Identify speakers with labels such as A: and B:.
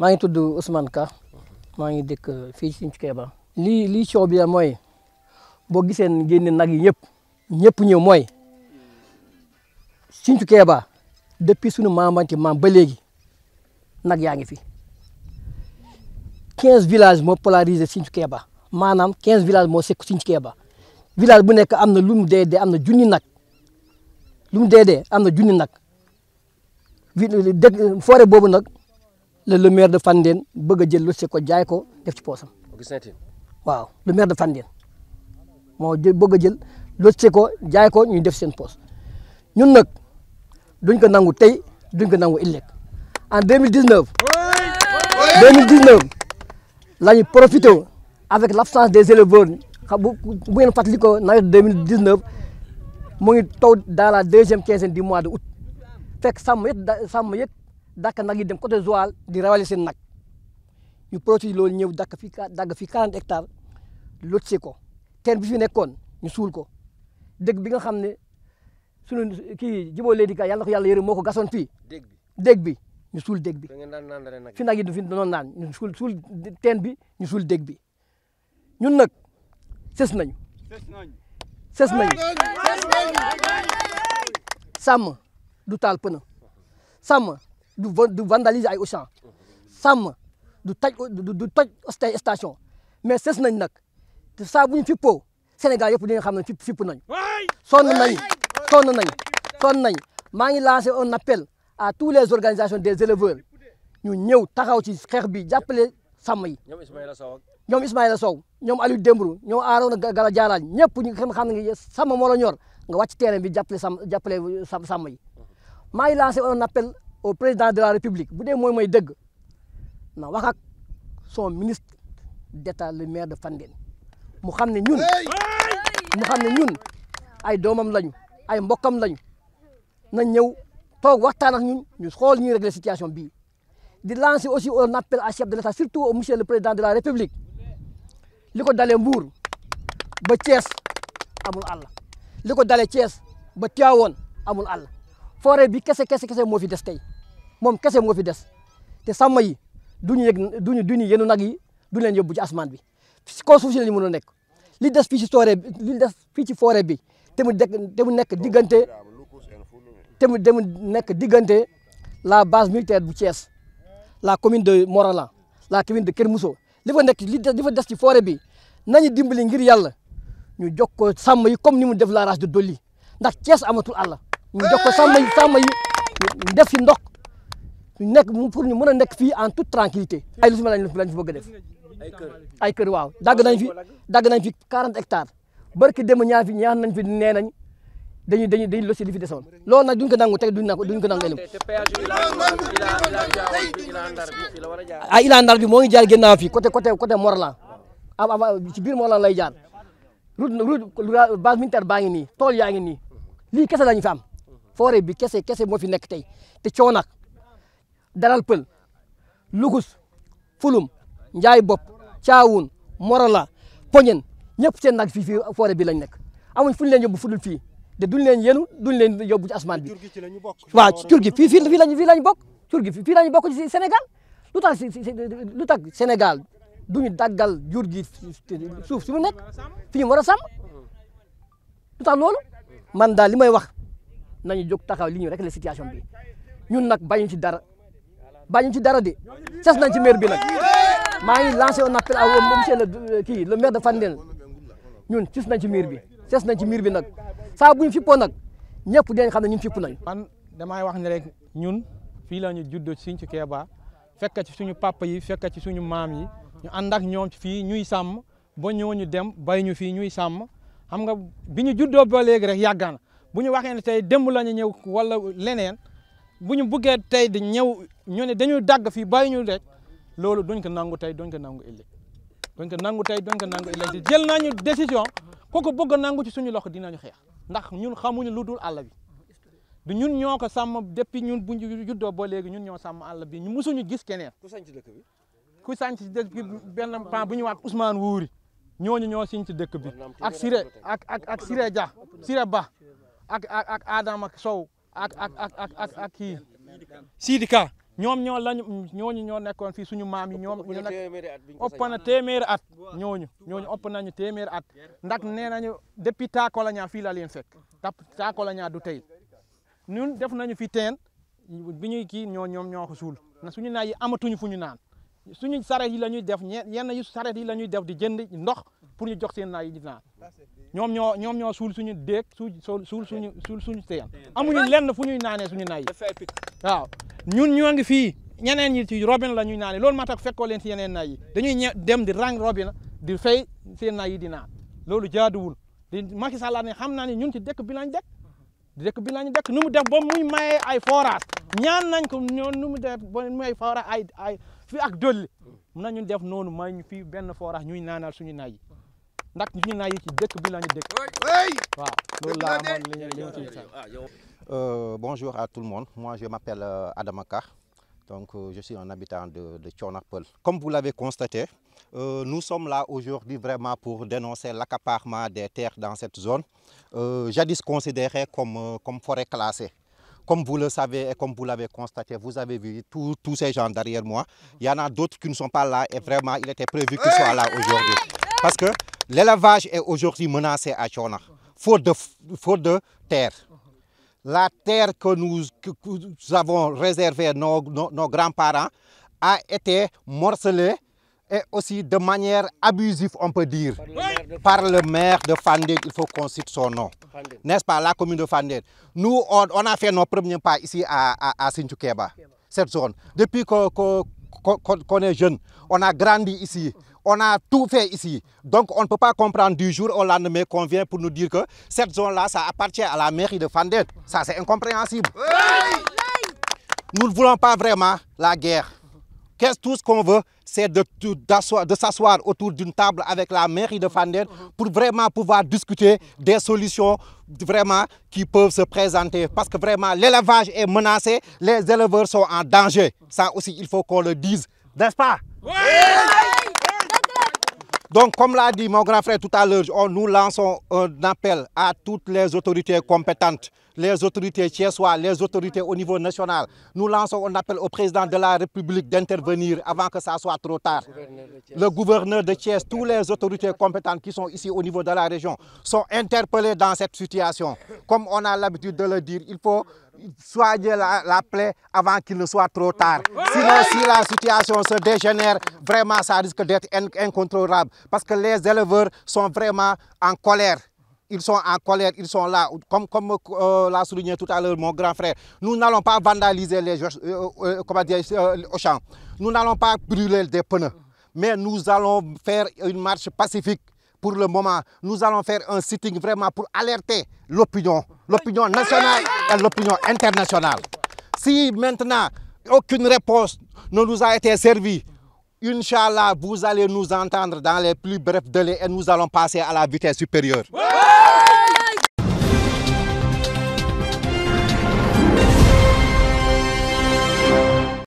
A: maa ngi tudd Ousmane Ka maa ngi dëkk fii ci Sinthiou lii lii coow bi mooy boo gisee génne nag yi ñëpp ñëpp ñëw mooy Sinthiou Kéba depuis suñu maamanti maam ba léegi nag yaa ngi fi 15 villages moo polarisé Sinthiou Kéba maanaam 15 villages moo sekk Sinthiou Kéba village bu nekk am na lu mu dee dee am na junni nag lu mu dee dee am na junni nag forêt boobu nag. le maire de Fandène bëgg a jël lu si ko jaay ko def ci poosam waaw le maire de Fandène moo jël bëgg a jël lu ko jaay ko ñu def seen poos ñun nag duñ ko nangu tey duñ ko nangu ëllëg en 2019 2019 la ñu profité avec l' absence des éleveurs xam bu bu ngeen fàttali ko nawet 2019 mu ngi taw dans la deuxième quinzaine du mois de août fekk sàmm yëpp yëpp dakk nag yi dem côté Joal di rawale seen nag ñu produit loolu ñëw dakk fii dagg fii 40 hectares lotissé ko ten bi fi nekkoon ñu suul ko dëgg bi nga xam ne sunu kii jiboo léegi ka yàlla ko yàlla yërëm moo ko gasoon fii dégg bi ñu suul dégg bi fi nag yi du fi doon naan ñu suul suul teen bi ñu suul dégg bi ñun nag sës nañu sës nañu sàmm du taal pëna du du vandaliser ay Auchan samma du taj du toj station mais ses nañ nag te saa bu ñu fippoo Sénégal yëpp dañu xam ne fipp fipp nañ sonn nañ sonn nañ sonn nañ maa ngi lancé un appel à tous les organisations des éleveurs ñu ñëw taxaw ci xeex bi jàppale sàmm yi ñoom Ismaïla Sow ñoom Aliou Dembrou ñoom Arouna Gara Diarra ñëpp ñu xam ne sàmm moo molo ñor nga wàcc terrain bi jàppale sàmm jàppale sàmm yi maa ngi lancé au président de la république bu dee mooy mooy dégg na wax ak son ministre d'état le maire de Fandène mu xam ne ñun mu xam ne ñun ay doomam lañu ay mbokkam lañu na ñëw toog waxtaan ak ñun ñu xool ñuy régler situation bii di lancer aussi un appel à chef de l'état surtout au monsieur le président de la république li ko dalee Mbour ba Thiès amul àll li ko dalee Thiès ba Tivaouane amul àll forêt bi kese kese kese moo fi des tey moom kese moo fi des te sàmm yi du ñu yëg du ñu du nag yi du leen yóbbu ci asamaan bi si kaw suuf si lañu nekk li des fii ci forêt bi li des fii ci forêt bi te mu te mu nekk diggante te mu te mu nekk diggante la base militaire bu Thiès la commune de Moralan la commune de Kër Mousso li fa nekk li li fa des ci foore bi nañu dimbali ngir yàlla ñu jox ko sàmm yi comme ni mu def la rage de Doli ndax Thiès amatul àll ñu jox ko sàmm yi sàmm yi def si ndox. nekk pour ñu mën a nekk fii en toute tranquillité ay lotissement lañ lañ fi bëgg a ay kër waaw dagg nañ fi dagg nañ fi 40 hectares barki dem ñaa fi ñaan nañ fi nee nañ dañuy dañuy dañuy losi li fi desoon loolu nag duñ ko nangu teg duñ nangu duñ ko nangu leen ah Ila Ndar bi moo ngi jaar génnaaw fii côté côté côté Morlan ab ah, ab ah, ah, ci biir Morlan lay jaar route route base militaire baa ngi nii tool yaa ngi nii lii kese lañ fi am forêt bi kese kese moo fi nekk tey te coow nag dalal pël lugus fulum njaay bopp caawun morola poñen ñëpp seen nag fii fii forêt bi lañ nekk amuñ fu ñu leen yóbbu fudul fii te duñ leen yenu duñ leen yóbbu ci asmaan bi waaw cur gi fii fii fii lañ fii lañ bokk cur gi fii lañ bokk ci Sénégal lu tax lu tax Sénégal duñu daggal jur gi suuf si mu nekk fi ñu war a sàmm lu tax loolu man daal li may wax nañu jóg taxaw li ñu rek la situation bi ñun nag bañu ci dara bàyyi ci dara de ses nañ ci maire bi nag maa ngi lancé un appel à monsieur le kii le maire de Fandène ñun sis nañ ci maire bi ses nañ ci maire bi nag saa bu ñu fippoo nag ñëpp dañ xam ne ñun fipp nañ man
B: damay wax ne rek ñun fii la ñu juddoo ci Sinthiou Kéba fekk ci suñu papa yi fekk ci suñu maam yi ñu ànd ak ñoom fii ñuy sàmm ba ñoo ñu dem bay ñu fii ñuy sàmm xam nga bi ñu juddoo ba léegi rek yàggaan bu ñu waxee ne tey démb la ñu ñëw wala leneen bu ñu buggee tey di ñëw ñu ne dañuy dàgg fii bàyyi ñu rek loolu duñ nangu tey duñ ko nangu ëllëg duñ ko nangu tey duñ ko nangu ëllëg di jël nañu décision kooku bëgg nangu ci suñu loxo dinañu xeex ndax ñun xamuñu lu dul àll bi du ñun ñoo ko sàmm depuis ñun bu ñu juddoo ba léegi ñun ñoo sàmm àll bi ñu musuñu gis keneen
A: ku sànc dëkk bi
B: ku sànc ci bi benn pan bu ñu wax Ousmane Wuuri ñooñu ñoo sànc ci dëkk bi ak Siré ak ak ak Siré Dia Siré Ba ak ak ak Adama Sow ak ak ak ak ak ak kii Sidika ñoom ñoo lañu ñooñu ñoo nekkoon fii suñu maam yi ñoom ñu nekk ëpp na téeméeri at ñooñu ñooñu ëpp nañu téeméeri at ndax nee nañu depuis temps colonial fii la leen fekk temps colonial du tey ñun def nañu fi teen bi ñuy kii ñoo ñoom ñoo ko suul na suñu naaj yi amatuñu fu ñu naan suñu saret yi la ñuy def ñe yenn yu yi la ñuy def di jënd ndox pour ñu jox seen naaj yi naan ñoom ñoo ñoom ñoo suul suñu déeg suul suul suñu suul suñu teen amuñu lenn fu ñuy naanee suñu naaj yi waaw ñun ñoo ngi fii ñeneen ñi ci robinet la ñuy naanee loolu moo fekkoo leen si yeneen naaj yi dañuy dem di rang robinet di fay seen naaj yi di naan loolu jaaduwul di Macky Sall ne xam naa ne ñun ci dëkk bi lañ dëkk dëkk bi lañ dëkk nu mu def ba muy ay forage ñaan nañ ko ñoon nu mu def ba may forage ay ay fii ak dolli mun nañu def noonu may ñu fii benn forage ñuy naanal suñu naaj yi ndax ñu naa yi bi la ñu dëkk. waaw loolu laa amoon
C: euh, tout le monde moi je m'appelle euh, Adama Kar donc euh, je suis un habitant de de Thionapel. comme vous l'avez constaté euh, nous sommes là aujourd'hui vraiment pour dénoncer l'accaparement des terres dans cette zone jadis considérée comme forêt classée. Comme vous le savez et comme vous l'avez constaté, vous avez vu tous ces gens derrière moi. en a d'autres qui ne sont pas là et vraiment, il était prévu qu'ils soient là aujourd'hui. Parce que l'élevage est aujourd'hui menacé à Tchonach, faute de, faute de terre. La terre que nous, avons réservée nos, grands-parents a été morcelée et aussi de manière abusive, on peut dire, par le maire de, de il faut qu'on cite son nom. N'est-ce pas, la commune de Fandé. Nous, on, a fait nos premiers pas ici à, à, à cette zone. Depuis qu'on qu jeune, on a grandi ici. on a tout fait ici. Donc on ne peut pas comprendre du jour au lendemain qu'on vient pour nous dire que cette zone-là, ça appartient à la mairie de Fandette. Ça, c'est incompréhensible. Oui nous ne voulons pas vraiment la guerre. Qu'est-ce tout ce qu'on veut, c'est de, de s'asseoir autour d'une table avec la mairie de Fandel pour vraiment pouvoir discuter des solutions vraiment qui peuvent se présenter. Parce que vraiment, l'élevage est menacé, les éleveurs sont en danger. Ça aussi, il faut qu'on le dise, Donc, comme l'a dit mon grand frère tout à l'heure, nous lançons un appel à toutes les autorités compétentes les autorités thiessois, les autorités au niveau national. Nous lançons un appel au président de la République d'intervenir avant que ça soit trop tard. Le gouverneur de Thiès, toutes les autorités compétentes qui sont ici au niveau de la région sont interpellées dans cette situation. Comme on a l'habitude de le dire, il faut soigner la, la plaie avant qu'il ne soit trop tard. Sinon, si la situation se dégénère, vraiment, ça risque d'être incontrôlable parce que les vraiment en colère. ils sont en colère, ils sont là. Comme, euh, l'a souligné tout mon grand frère, nous n'allons pas vandaliser les, euh, euh, euh Nous n'allons pas brûler des pneus. Mais nous allons faire une marche pacifique pour le moment. Nous allons faire un sitting vraiment pour alerter l'opinion, l'opinion nationale et l'opinion internationale. Si maintenant aucune réponse ne nous a été servie, Inch'Allah, vous allez nous entendre dans les plus brefs délais et nous allons passer à la